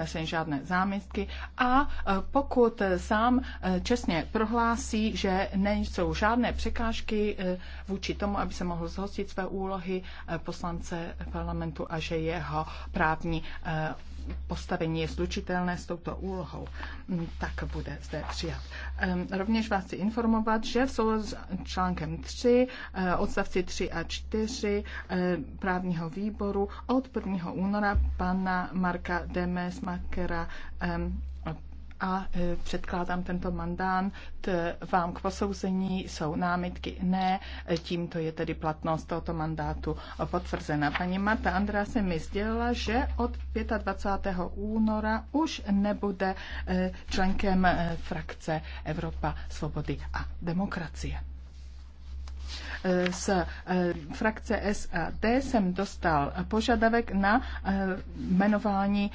nesen žádné zámitky a e, pokud sám e, čestně prohlásí, že nejsou žádné překážky e, vůči tomu, aby se mohl zhostit své úlohy poslance parlamentu a že jeho právní postavení je slučitelné s touto úlohou, tak bude zde přijat. Ehm, rovněž vás chci informovat, že v souladu s článkem 3, eh, odstavci 3 a 4 eh, právního výboru od 1. února pana Marka Demes Makera ehm, a e, předkládám tento mandán vám k posouzení. Jsou námitky? Ne. E, tímto je tedy platnost tohoto mandátu potvrzena. Paní Marta Andrá se mi sdělila, že od 25. února už nebude e, členkem frakce Evropa svobody a demokracie z frakce SAD jsem dostal požadavek na jmenování